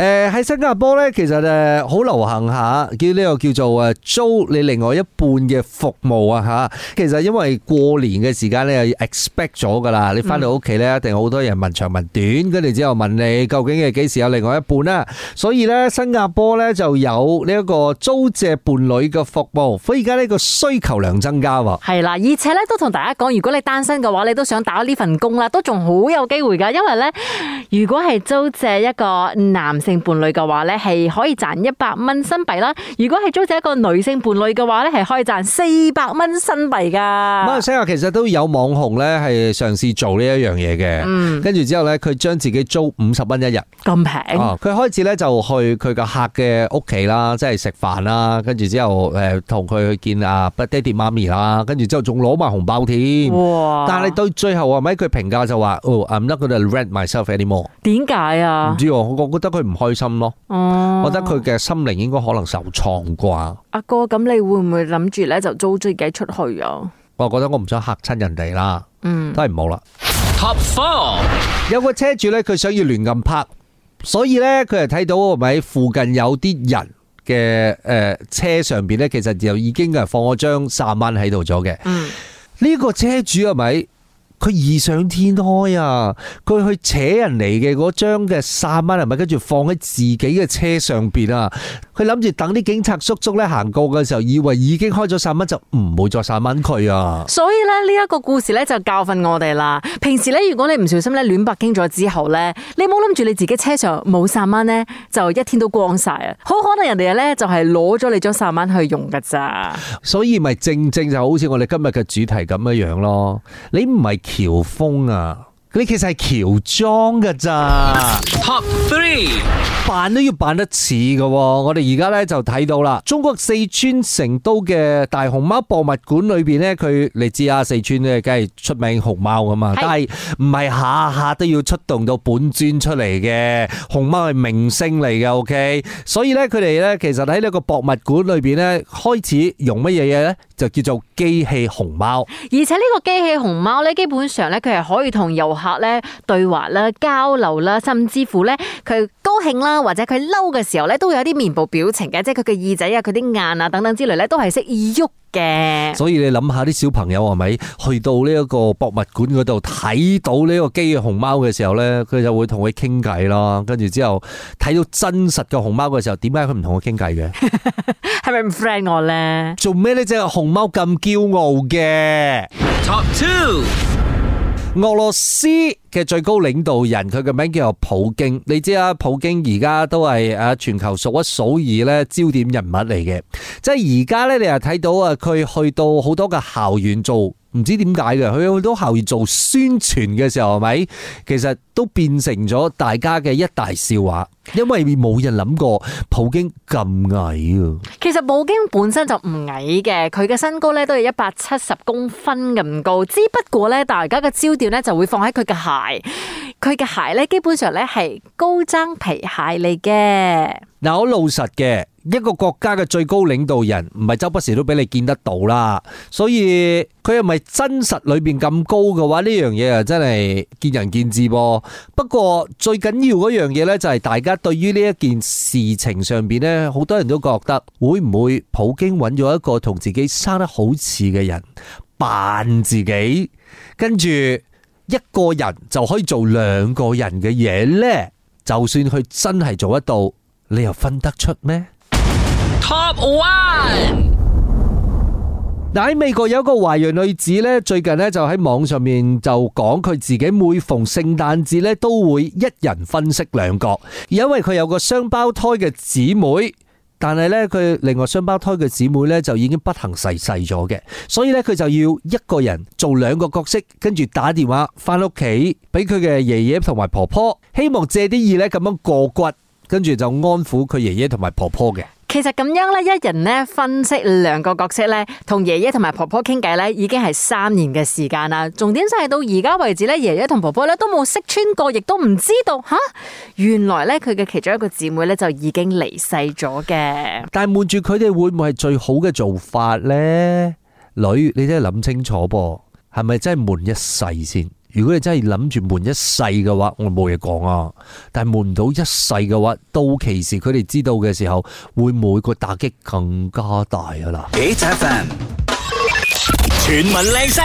誒，喺新加坡咧，其實誒好流行下叫呢個叫做誒租你另外一半嘅服務啊吓。其實因為過年嘅時間咧又 expect 咗噶啦，你翻到屋企咧一定好多人問長問短，跟住之後問你究竟係幾時有另外一半啦。所以咧新加坡咧就有呢一個租借伴侶嘅服務。所以而家呢個需求量增加喎。係啦，而且咧都同大家講，如果你單身嘅話，你都想打呢份工啦，都仲好有機會噶。因為咧，如果係租借一個男性。性伴侶嘅話咧係可以賺一百蚊新幣啦。如果係租借一個女性伴侶嘅話咧係可以賺四百蚊新幣噶。咁啊，所以其實都有網紅咧係嘗試做呢一樣嘢嘅。跟住、嗯、之後咧，佢將自己租五十蚊一日。咁平。佢、啊、開始咧就去佢個客嘅屋企啦，即係食飯啦。跟住之後誒，同佢去見啊，爹哋媽咪啦。跟住之後仲攞埋紅包添。哇！但係到最後啊，咪佢評價就話：Oh，I'm not going to rent myself anymore。點解啊？唔知我我覺得佢。唔開心咯，我、嗯、覺得佢嘅心靈應該可能受創啩。阿哥，咁你會唔會諗住咧就租自己出去啊？我覺得我唔想吓親人哋啦，嗯，都係唔好啦。有個車主咧，佢想要亂撳拍，所以咧佢係睇到係咪附近有啲人嘅誒車上邊咧，其實就已經係放咗張三蚊喺度咗嘅。嗯，呢個車主係咪？佢異想天開啊！佢去扯人嚟嘅嗰張嘅散蚊係咪跟住放喺自己嘅車上邊啊！佢諗住等啲警察叔叔咧行過嘅時候，以為已經開咗散蚊，就唔會再散蚊佢啊！所以咧呢一個故事咧就教訓我哋啦。平時咧，如果你唔小心咧亂白經咗之後咧，你冇諗住你自己車上冇散蚊咧，就一天都光曬啊！好可能人哋咧就係攞咗你張散蚊去用噶咋。所以咪正正就好似我哋今日嘅主題咁樣樣咯。你唔係。喬峰啊，佢其實係喬裝噶咋。Top three 3 扮都要扮得似噶。我哋而家咧就睇到啦，中國四川成都嘅大熊貓博物館裏邊咧，佢你知啊，四川咧，梗係出名熊貓噶嘛。是 但係唔係下下都要出動到本尊出嚟嘅，熊貓係明星嚟嘅。OK，所以咧，佢哋咧其實喺呢個博物館裏邊咧，開始用乜嘢嘢咧？就叫做機器熊貓，而且呢個機器熊貓咧，基本上咧，佢係可以同遊客咧對話啦、交流啦，甚至乎咧，佢，興啦，或者佢嬲嘅時候咧，都有啲面部表情嘅，即係佢嘅耳仔啊、佢啲眼啊等等之類咧，都係識喐嘅。所以你諗下啲小朋友係咪去到呢一個博物館嗰度睇到呢個機嘅熊貓嘅時候咧，佢就會同佢傾偈啦。跟住之後睇到真實嘅熊貓嘅時候，點解佢唔同佢傾偈嘅？係咪唔 friend 我咧？做咩呢隻熊貓咁驕傲嘅？Top two。俄羅斯嘅最高領導人，佢嘅名叫做普京。你知啊，普京而家都係誒全球數一數二咧焦點人物嚟嘅。即係而家咧，你又睇到啊，佢去到好多嘅校園做，唔知點解嘅，佢有好多校員做宣傳嘅時候係咪？其實都變成咗大家嘅一大笑話，因為冇人諗過普京咁矮啊！其實普京本身就唔矮嘅，佢嘅身高咧都係一百七十公分咁高，只不過咧，大家嘅焦點咧就會放喺佢嘅鞋，佢嘅鞋咧基本上咧係高踭皮鞋嚟嘅。嗱，好老實嘅。一個國家嘅最高領導人唔係周不時都俾你見得到啦，所以佢係咪真實裏邊咁高嘅話呢樣嘢啊，真係見仁見智噃。不過最緊要嗰樣嘢呢，就係大家對於呢一件事情上邊呢，好多人都覺得會唔會普京揾咗一個同自己生得好似嘅人扮自己，跟住一個人就可以做兩個人嘅嘢呢？就算佢真係做得到，你又分得出咩？Top One，嗱喺美國有個華人女子咧，最近咧就喺網上面就講佢自己每逢聖誕節咧都會一人分飾兩個，因為佢有個雙胞胎嘅姊妹，但係呢，佢另外雙胞胎嘅姊妹呢，就已經不幸逝世咗嘅，所以呢，佢就要一個人做兩個角色，跟住打電話翻屋企俾佢嘅爺爺同埋婆婆，希望借啲意呢，咁樣過骨，跟住就安撫佢爺爺同埋婆婆嘅。其實咁樣咧，一人咧分析兩個角色咧，同爺爺同埋婆婆傾偈咧，已經係三年嘅時間啦。重點就係到而家為止咧，爺爺同婆婆咧都冇識穿過，亦都唔知道吓、啊，原來咧佢嘅其中一個姊妹咧就已經離世咗嘅。但係瞞住佢哋會唔會係最好嘅做法咧？女，你真係諗清楚噃，係咪真係瞞一世先？如果你真係諗住瞞一世嘅話，我冇嘢講啊！但係瞞唔到一世嘅話，到其時佢哋知道嘅時候，會唔會個打擊更加大啊啦！幾集全民靚聲。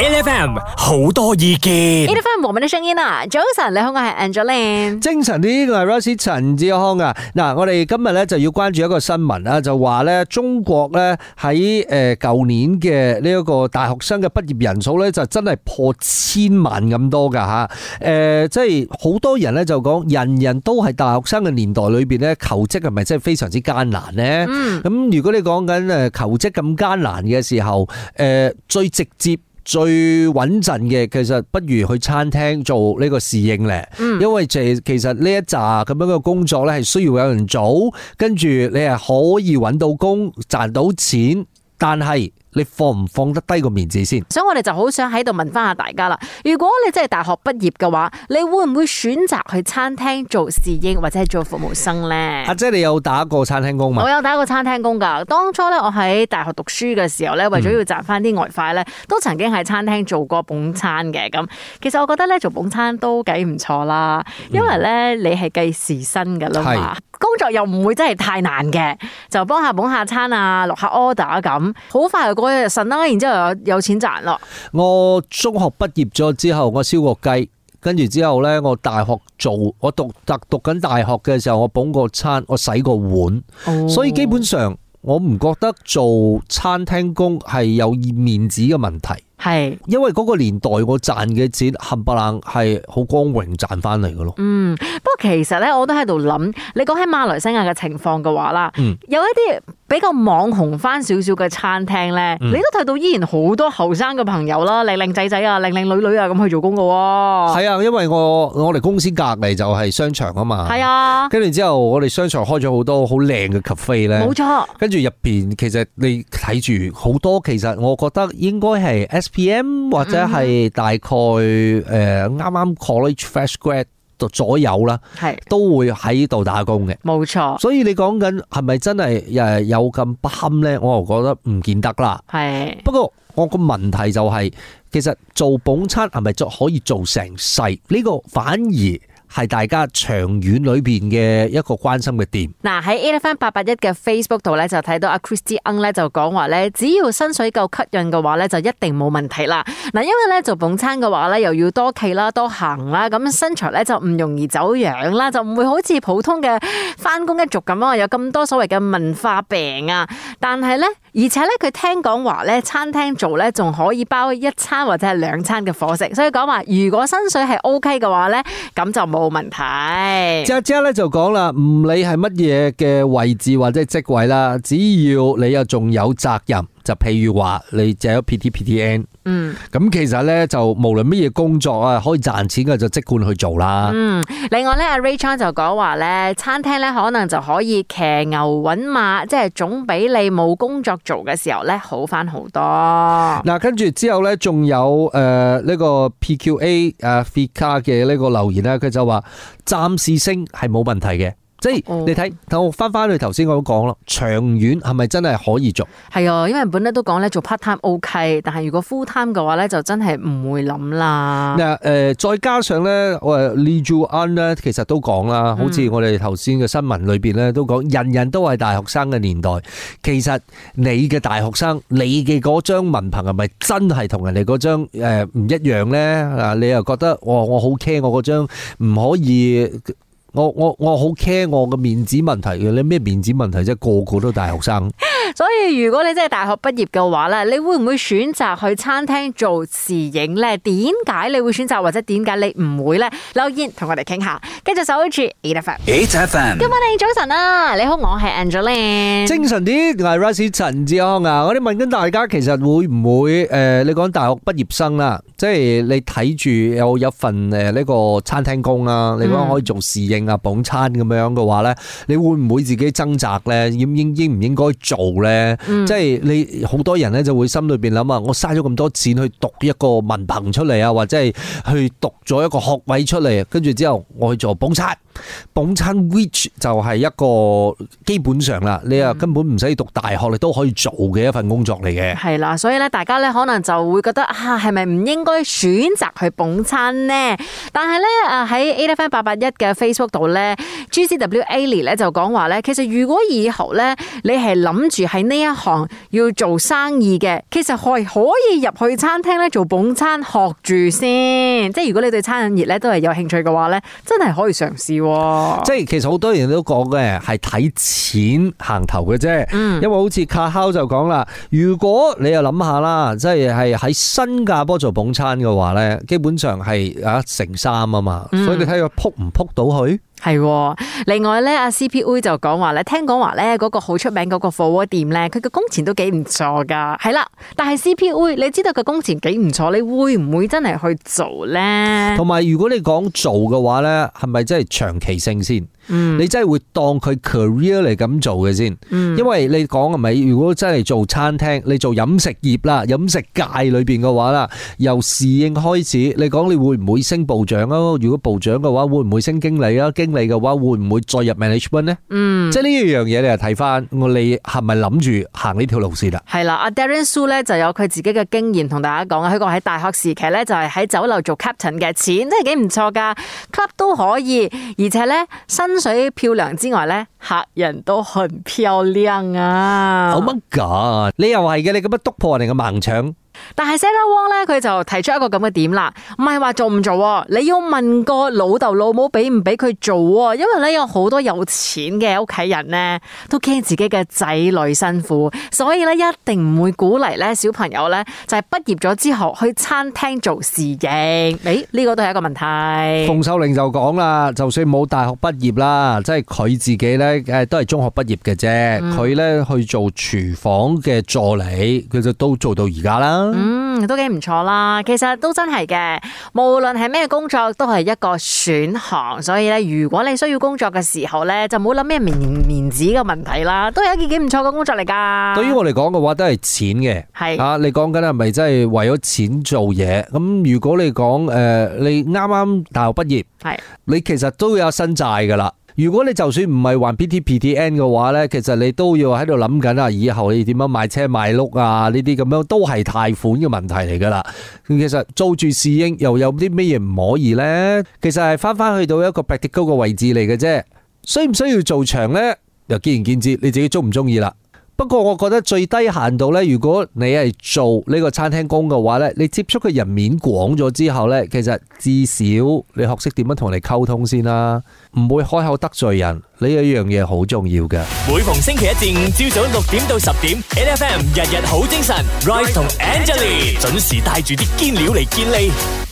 L.F.M. 好多意見，L.F.M. 網民的聲音啊！早晨，你好，我係 Angeline。精神呢個係 Rossy 陳志康啊！嗱，我哋今日咧就要關注一個新聞啦，就話咧中國咧喺誒舊年嘅呢一個大學生嘅畢業人數咧就真係破千萬咁多噶吓，誒、呃，即係好多人咧就講，人人都係大學生嘅年代裏邊咧，求職係咪真係非常之艱難咧？咁、嗯、如果你講緊誒求職咁艱難嘅時候，誒、呃、最直接。最穩陣嘅，其實不如去餐廳做呢個侍應咧，嗯、因為就其實呢一扎咁樣嘅工作咧，係需要有人做，跟住你係可以揾到工賺到錢，但係，你放唔放得低個面子先？所以我哋就好想喺度問翻下大家啦。如果你真係大學畢業嘅話，你會唔會選擇去餐廳做侍應或者係做服務生呢？啊，姐，你有打過餐廳工嘛？我有打過餐廳工噶。當初咧，我喺大學讀書嘅時候咧，為咗要賺翻啲外快咧，都曾經喺餐廳做過捧餐嘅。咁其實我覺得咧，做捧餐都幾唔錯啦。因為咧，你係計時薪噶啦、嗯、嘛，是工作又唔會真係太難嘅，就幫下捧下餐啊，落下，下 order 咁，好快我神啦，然之後有有錢賺咯。我中學畢業咗之後，我燒過雞，跟住之後呢，我大學做，我讀讀讀緊大學嘅時候，我捧個餐，我洗個碗，哦，所以基本上我唔覺得做餐廳工係有面子嘅問題。係是因為嗰個年代我賺嘅錢冚唪唥係好光榮賺翻嚟嘅咯。嗯，不過其實呢，我都喺度諗，你講起馬來西亞嘅情況嘅話啦，嗯、有一啲。比較網紅翻少少嘅餐廳呢，嗯、你都睇到依然好多後生嘅朋友啦，靚靚、嗯、仔仔啊，靚靚女女啊，咁去做工嘅喎、啊。係啊，因為我我哋公司隔離就係商場啊嘛。係啊。跟住之後，我哋商場開咗好多好靚嘅 cafe 咧。冇錯。跟住入邊其實你睇住好多，其實我覺得應該係 SPM 或者係大概誒啱啱 college fresh grad。嗯呃剛剛左右啦，係都會喺度打工嘅，冇錯。所以你講緊係咪真係誒有咁不堪咧？我又覺得唔見得啦。係不過我個問題就係，其實做捧餐係咪做可以做成世呢個反而？係大家長遠裏邊嘅一個關心嘅點。嗱，喺 Elephant 八八一嘅 Facebook 度咧，e、就睇到阿 Christy Ng 咧就講話咧，只要薪水夠吸引嘅話咧，就一定冇問題啦。嗱，因為咧做捧餐嘅話咧，又要多企啦，多行啦，咁身材咧就唔容易走樣啦，就唔會好似普通嘅翻工一族咁啊，有咁多所謂嘅文化病啊。但係咧，而且咧佢聽講話咧，餐廳做咧仲可以包一餐或者係兩餐嘅伙食，所以講話如果薪水係 OK 嘅話咧，咁就冇。冇問題，Jazz 咧就講啦，唔理係乜嘢嘅位置或者職位啦，只要你啊仲有責任，就譬如話你借咗 PTPTN。嗯，咁其實咧就無論乜嘢工作啊，可以賺錢嘅就即管去做啦。嗯，另外咧，阿 Ray Chan 就講話咧，餐廳咧可能就可以騎牛搵馬，即係總比你冇工作做嘅時候咧好翻好多。嗱，跟住之後咧，仲有誒呢個 PQA 誒 Fit 卡嘅呢個留言咧，佢就話暫時升係冇問題嘅。即係你睇，但係我翻翻去頭先嗰講咯，長遠係咪真係可以做？係啊，因為本呢都講咧做 part time OK，但係如果 full time 嘅話咧就真係唔會諗啦。嗱誒，再加上咧我誒 Lee Zhu An 咧，其實都講啦，好似我哋頭先嘅新聞裏邊咧都講，人人都係大學生嘅年代，其實你嘅大學生，你嘅嗰張文憑係咪真係同人哋嗰張誒唔一樣咧？嗱，你又覺得哇，我好 care 我嗰張唔可以。我我我好 care 我嘅面子問題嘅，你咩面子問題啫？個個都大學生。所以如果你真係大學畢業嘅話咧，你會唔會選擇去餐廳做侍應咧？點解你會選擇，或者點解你唔會咧？留言同我哋傾下。繼續守住 eight FM，eight FM。今晚你早晨啊，你好，我係 Angela。精神啲，係 Russie 陳志安啊！我哋問緊大家，其實會唔會誒？你講大學畢業生啦，即係你睇住有一份誒呢個餐廳工啦，你講可以做侍應啊、捧餐咁樣嘅話咧，你會唔會自己掙扎咧？應應應唔應該做？即係你好多人咧就會心裏邊諗啊，我嘥咗咁多錢去讀一個文憑出嚟啊，或者係去讀咗一個學位出嚟，跟住之後我去做幫差。捧餐，which 就係一個基本上啦，你啊根本唔使讀大學，你都可以做嘅一份工作嚟嘅。係啦，嗯，所以咧，大家咧可能就會覺得啊，係咪唔應該選擇去捧餐呢？但係咧，誒喺 a d e f 八八一嘅 Facebook 度咧，G C W Ali 咧就講話咧，其實如果以後咧你係諗住喺呢一行要做生意嘅，其實可可以入去餐廳咧做捧餐學住先，即係如果你對餐飲業咧都係有興趣嘅話咧，真係可以嘗試。哇！即係其實好多人都講嘅係睇錢行頭嘅啫，嗯、因為好似卡烤就講啦，如果你又諗下啦，即係係喺新加坡做捧餐嘅話咧，基本上係一成三啊嘛，嗯、所以你睇佢撲唔撲到佢？係另外咧，阿 C P U 就講話咧，聽講話咧嗰個好出名嗰個火鍋店咧，佢個工錢都幾唔錯噶。係啦，但係 C P U，你知道個工錢幾唔錯，你會唔會真係去做咧？同埋，如果你講做嘅話咧，係咪真係長期性先？你真係會當佢 career 嚟咁做嘅先，因為你講係咪？如果真係做餐廳，你做飲食業啦，飲食界裏邊嘅話啦，由侍應開始，你講你會唔會升部長啊？如果部長嘅話，會唔會升經理啊？經理嘅話，會唔會再入 management 咧？嗯，即係呢一樣嘢，你又睇翻我你係咪諗住行呢條路線啦？係啦，阿 Darren Sue 咧就有佢自己嘅經驗同大家講啊，佢講喺大學時期咧就係喺酒樓做 captain 嘅，錢真係幾唔錯噶，club 都可以，而且咧新。水漂亮之外咧，客人都很漂亮啊！Oh my God！你又係嘅？你咁樣篤破人哋嘅盲腸。但係 Sarah Wong 咧，佢就提出一個咁嘅點啦，唔係話做唔做，你要問個老豆老母俾唔俾佢做啊？因為咧有好多有錢嘅屋企人咧，都驚自己嘅仔女辛苦，所以咧一定唔會鼓勵咧小朋友咧，就係畢業咗之後去餐廳做侍應。誒，呢、這個都係一個問題。馮秀玲就講啦，就算冇大學畢業啦，即係佢自己咧誒都係中學畢業嘅啫，佢咧、嗯、去做廚房嘅助理，佢就都做到而家啦。嗯，都幾唔錯啦。其實都真係嘅，無論係咩工作都係一個選項。所以咧，如果你需要工作嘅時候咧，就唔好諗咩面面子嘅問題啦。都係一件幾唔錯嘅工作嚟噶。對於我嚟講嘅話，都係錢嘅係啊。你講緊係咪真係為咗錢做嘢？咁如果你講誒，你啱啱大學畢業，係你其實都有新債噶啦。如果你就算唔係還 PTPTN 嘅話呢，其實你都要喺度諗緊啊，以後你點樣買車買屋啊？呢啲咁樣都係貸款嘅問題嚟噶啦。其實租住侍應又有啲咩嘢唔可以呢？其實係翻翻去到一個比較高嘅位置嚟嘅啫。需唔需要做長呢？又見仁見智，你自己中唔中意啦？不過我覺得最低限度咧，如果你係做呢個餐廳工嘅話咧，你接觸嘅人面廣咗之後咧，其實至少你學識點樣同人哋溝通先啦、啊，唔會開口得罪人，呢一樣嘢好重要嘅。每逢星期一至五，朝早六點到十點，N F M 日日好精神，Rise ye 同 R ye Angelie 準時帶住啲堅料嚟建立。